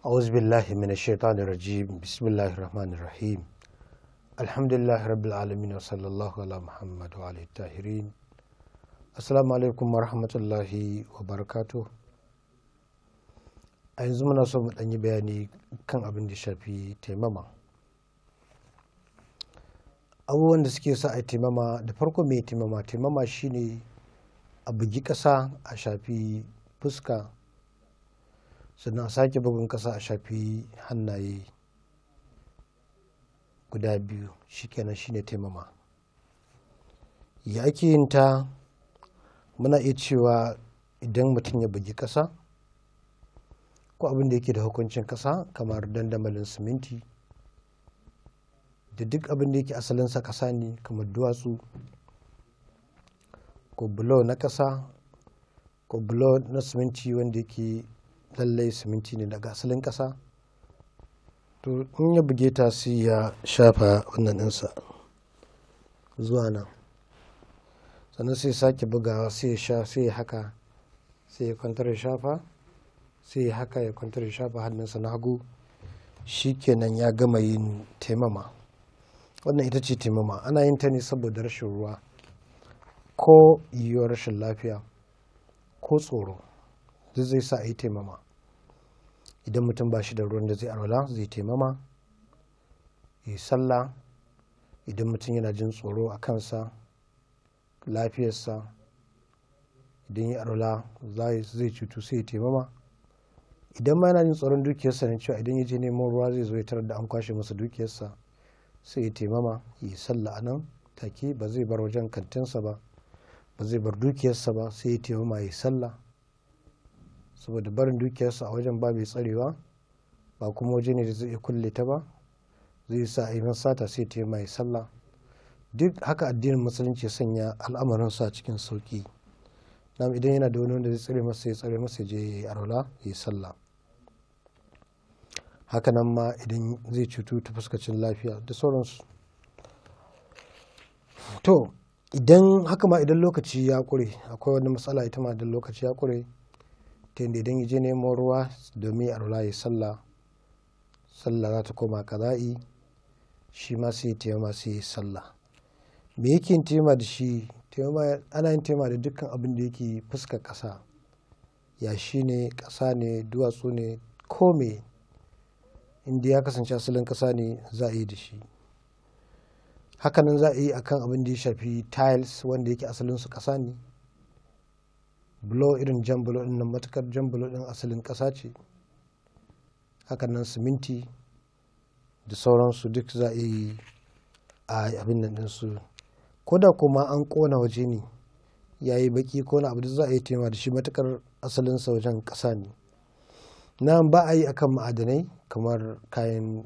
أعوذ بالله من الشيطان الرجيم بسم الله الرحمن الرحيم الحمد لله رب العالمين وصلى الله على محمد وعلى الطاهرين السلام a yanzu muna so mu ɗan yi bayani kan abin da shafi taimama abubuwan da suke sa a taimama da farko mai taimama taimama shine a bugi ƙasa a shafi fuska sannan sake bugun ƙasa a shafi hannaye guda biyu shikenan shine taimama ya ake yin ta muna iya cewa idan mutum ya bugi kasa ko abin da yake da hukuncin ƙasa kamar dandamalin siminti da duk abin da yake asalinsa ƙasa ne kamar duwatsu ko bulo na ƙasa ko bulo na siminti wanda yake lallai siminti ne daga asalin ƙasa to in ya buge ta sai ya shafa wannan ɗinsa zuwa nan sannan sai sake bugawa sai ya sha sai ya haka sai ya kwantar ya shafa sai ya haka ya kwantar ya shafa hannunsa na hagu shikenan ya gama yin taimama wannan ita ce taimama ana yin ta ne saboda rashin ruwa ko yiwuwar rashin lafiya ko tsoro duk zai sa a yi taimama idan mutum ba shi da ruwan da zai alwala zai taimama yi sallah idan mutum yana jin tsoro a kansa lafiyarsa idan ya alwala zai cutu sai ya taimama idan ma yana jin tsoron dukiyarsa ne cewa idan ya je neman ruwa zai zo ya tarar da an kwashe masa dukiyarsa sai ya taimama yi sallah a nan take ba zai bar wajen kantinsa ba ba zai bar dukiyarsa ba sai ya taimama yi sallah saboda barin dukiyarsa a wajen ba mai tsarewa ba kuma waje ne da zai kulle ta ba zai sa a yi sata sai ta yi mai sallah duk haka addinin musulunci sanya al'amarin sa cikin sauki nam idan yana da wani wanda zai tsare masa ya tsare masa je ya yi arola ya yi sallah haka nan ma idan zai cutu ta fuskacin lafiya da sauransu to idan haka ma idan lokaci ya kure akwai wani matsala ita ma idan lokaci ya kure tende don idan ya je nemo ruwa domin ya alwala ya sallah sallah za ta koma kaza'i shi ma sai taimama sai ya sallah me yake yin tema da shi ana yin tema da dukkan abin da yake fuska ƙasa yashi ne ƙasa ne duwatsu ne ko me inda ya kasance asalin kasa ne za a yi da shi hakanan za a yi akan abin da ya shafi tiles wanda yake asalin su ƙasa ne bulo irin jan bulo din nan matukar jan bulo din asalin ƙasa ce hakan nan siminti da sauransu duk za a yi a abin nan ɗinsu ko da kuma an kona waje ne ya yi baki ko na abu da za a yi tema da shi matukar asalin sa wajen ƙasa ne nan ba a yi akan ma'adanai kamar kayan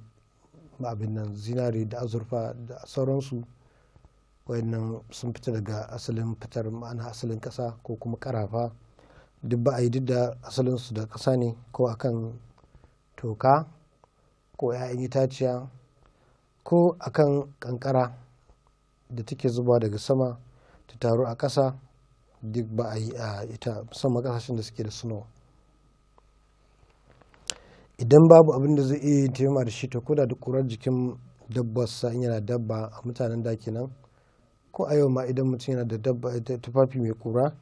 abin nan zinare da azurfa da sauransu wayannan sun fita daga asalin fitar ma'ana asalin ƙasa ko kuma karafa duk ba a yi duk da asalin su da kasa ne ko akan toka ko 'ya'yan itaciya ko akan ƙanƙara da take zuba daga sama ta taru a ƙasa duk ba a yi a ita musamman ƙasashen da suke da suno idan babu abin da zai iya taimaka da shi ta kuda da ƙurar jikin dabba in yana dabba a mutanen da kenan ko a yau ma idan mutum yana da dabba tufafi mai kura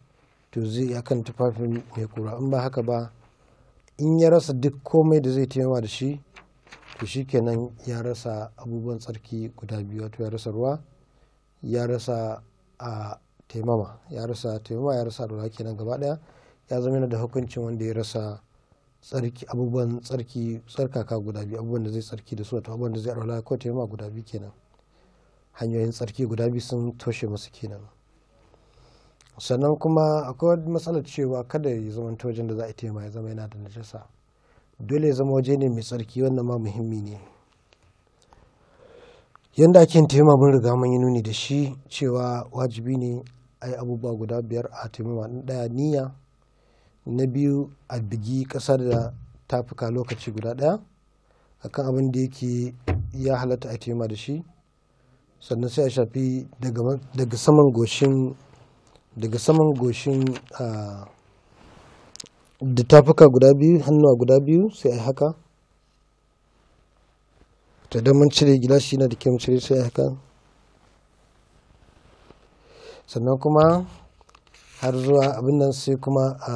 to zai ya kan tufafi mai kura in ba haka ba in ya rasa duk komai da zai taimawa da shi to shi kenan ya rasa abubuwan tsarki guda biyu wato ya rasa ruwa ya rasa a taimama ya rasa taimama ya rasa ruwa kenan gaba daya ya zama yana da hukuncin wanda ya rasa tsarki abubuwan tsarki tsarkaka guda biyu abubuwan da zai tsarki da su wato abubuwan da zai alwala ko taimama guda biyu kenan hanyoyin tsarki guda biyu sun toshe masu kenan sannan kuma akwai matsalar cewa kada ya zama wajen da za a tema ya zama yana da najasa dole ya zama waje ne mai tsarki wannan ma muhimmi ne yadda ake tema mun riga mun yi nuni da shi cewa wajibi ne a yi abubuwa guda biyar a taimama ɗaya niyya na biyu a bigi ƙasar da tafuka lokaci guda ɗaya akan abin da yake ya halatta a tema da shi sannan sai a shafi daga saman goshin daga saman goshin da tafuka guda biyu hannuwa guda biyu sai a haka ta idan mun cire gilashi na da kyan cire sai a haka sannan kuma har zuwa abin nan sai kuma a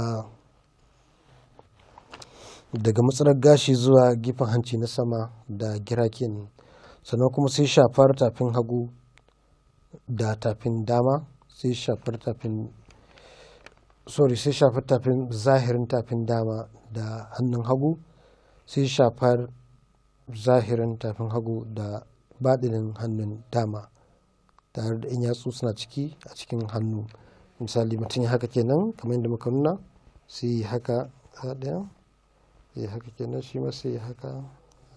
daga matsalar gashi zuwa gifin hanci na sama da gira kenan sannan kuma sai shafar tafin hagu da tafin dama sai shafar tafin sorry sai shafar tafin zahirin tafin dama da hannun hagu sai shafar zahirin tafin hagu da baɗinin hannun dama tare da in yatsu suna ciki a cikin hannu misali mutum ya haka kenan kamar yadda muka nuna sai haka ɗaya sai haka kenan shi ma sai haka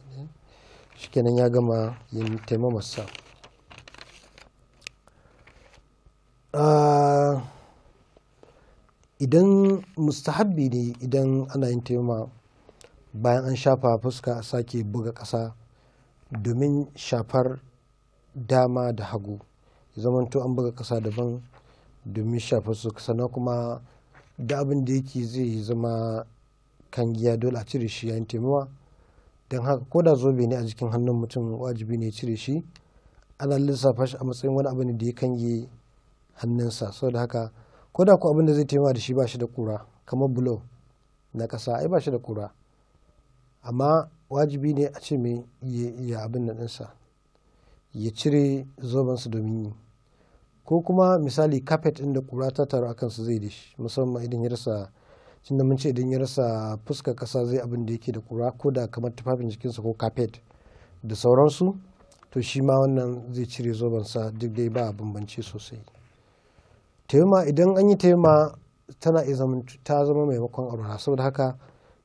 ɗaya shikenan ya gama yin taimamarsa ah, idan mustahabbi ne idan ana yin taimama bayan an shafa fuska a sake buga ƙasa domin shafar dama da hagu zamanto an buga ƙasa daban domin shafar su sannan kuma da abin da yake zai zama kan giya dole a cire shi yayin taimama don haka ko da zobe ne a jikin hannun mutum wajibi ne cire shi ana lissafa shi a matsayin wani abu ne da ya kange hannunsa saboda haka ko da ku abin da zai taimaka da shi ba shi da kura kamar bulo na ƙasa ai ba shi da kura amma wajibi ne a ce mai ya abin da ɗinsa ya cire zobensa domin yi ko kuma misali kafet ɗin da kura ta taru a kansa zai da shi musamman idan ya rasa tunda mun ce idan ya rasa fuska kasa zai abin da yake da kura ko da kamar tufafin jikinsa ko kafet da sauransu to shi ma wannan zai cire zobensa duk dai ba bambanci sosai tema idan an yi taimama tana iya ta zama maimakon arwala saboda haka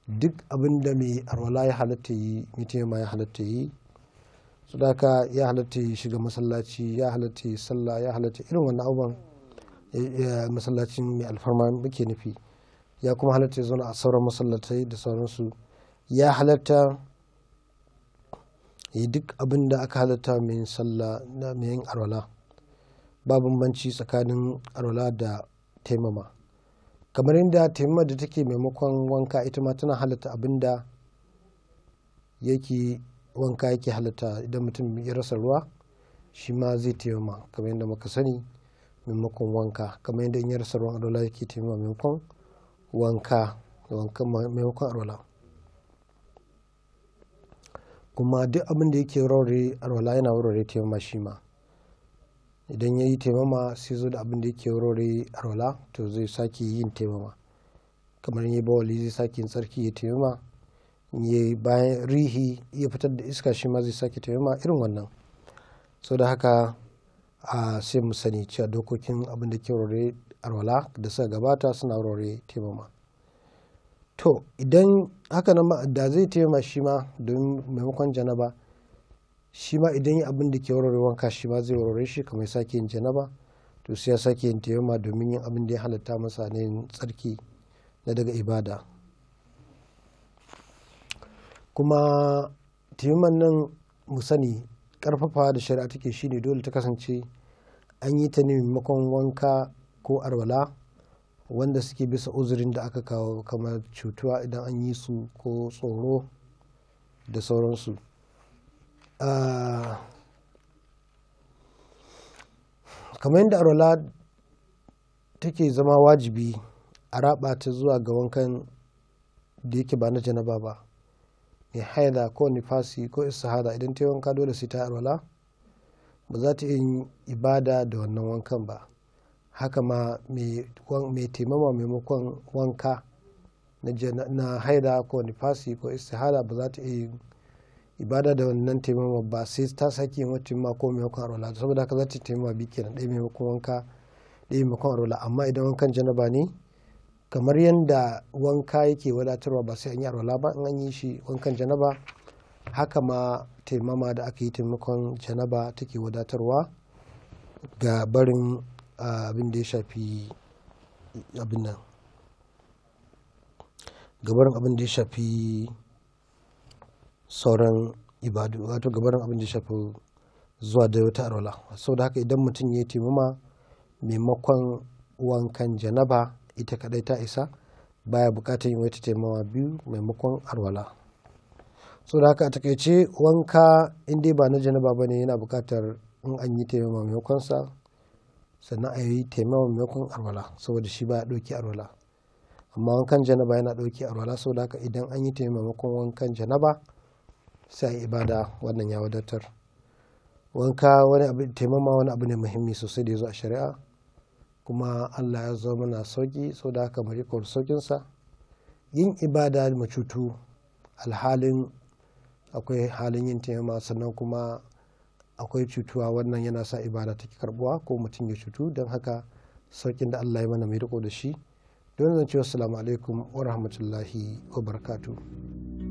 duk abin da mai arwala ya halatta yi mai taimama ya halatta yi saboda haka ya halatta yi shiga masallaci ya halatta yi sallah ya halatta irin wannan abubuwan masallacin mai alfarma muke nufi ya kuma halarta ya zauna a sauran masallatai da sauransu ya halatta yi duk abin da aka halatta mai sallah na mai arwala ba bambanci tsakanin arwala da taimama kamar yadda taimama da take maimakon wanka ita ma tana halatta abin da yake wanka yake halatta idan mutum ya rasa ruwa shi ma zai taimama kamar yadda muka sani maimakon wanka kamar yadda in ya rasa ruwan arwala yake taimama maimakon wanka wankan maimakon arwala kuma duk abin da yake rauri arwala yana rauri taimama shi ma idan ya yi taimama sai zo da abin da yake rauri arwala to zai sake yin taimama kamar yi bawali zai sake yin tsarki ya taimama ya bayan rihi ya fitar da iska shi ma zai sake taimama irin wannan Sau da haka sai mu sani cewa dokokin abin da ke arwala da suka gabata suna warware taimama to idan haka nan da zai taimama shi ma don maimakon janaba shi ma idan yi abin da ke warware wanka shi ma zai warware shi kamar sake yin janaba to sai ya sake yin taimama domin yin abin da ya halatta masa ne tsarki na daga ibada kuma taimaman nan mu sani karfafa da shari'a take shine dole ta kasance an yi ta ne maimakon wanka ko arwala wanda suke bisa uzurin da aka kawo kamar cutuwa idan an yi su ko tsoro da sauransu kamar yadda arwala take zama wajibi a raba ta zuwa ga wankan da yake ba na janaba ba mai haida ko nifasi ko isahada idan ta wanka dole sai ta arwala ba za ta yi ibada da wannan wankan ba haka ma mai taimama maimakon wanka na haida ko nifasi ko istihara ba za ta yi ibada da wannan taimama ba sai ta sake ma ko maimakon arola saboda haka za ta taimama bi kenan ɗaya maimakon wanka ɗaya maimakon arola amma idan wankan janaba ne kamar yadda wanka yake wadatarwa ba sai an yi arola ba in an yi shi wankan janaba haka ma taimama da aka yi taimakon janaba take wadatarwa ga barin abin da ya shafi abin nan gabarin abin da ya shafi sauran ibadu wato gabarin abin da ya shafi zuwa da wata arola da haka idan mutum ya yi taimama maimakon wankan janaba ita kadai ta isa baya bukatar yin wata taimawa biyu maimakon arwala da haka a takaice wanka inda ba na janaba bane yana bukatar in an yi taimama sa. sannan a yi taimakon maimakon arwala saboda shi ba baya ɗauki arwala amma wankan janaba yana ɗauki arwala saboda haka idan an yi taimakon wankan janaba sai a yi ibada wannan ya wadatar wanka wani abu taimama wani abu ne muhimmi sosai da ya zo a shari'a kuma Allah ya zo mana sauki saboda haka mu riƙa saukinsa yin ibada mu cutu alhalin akwai halin yin taimama sannan kuma akwai cutuwa wannan yana sa ibada take karbuwa ko mutum ya cutu don haka saukin da Allah ya mana mai riko da shi don zan ce salamu alaikum wa rahmatullahi wa barakatuh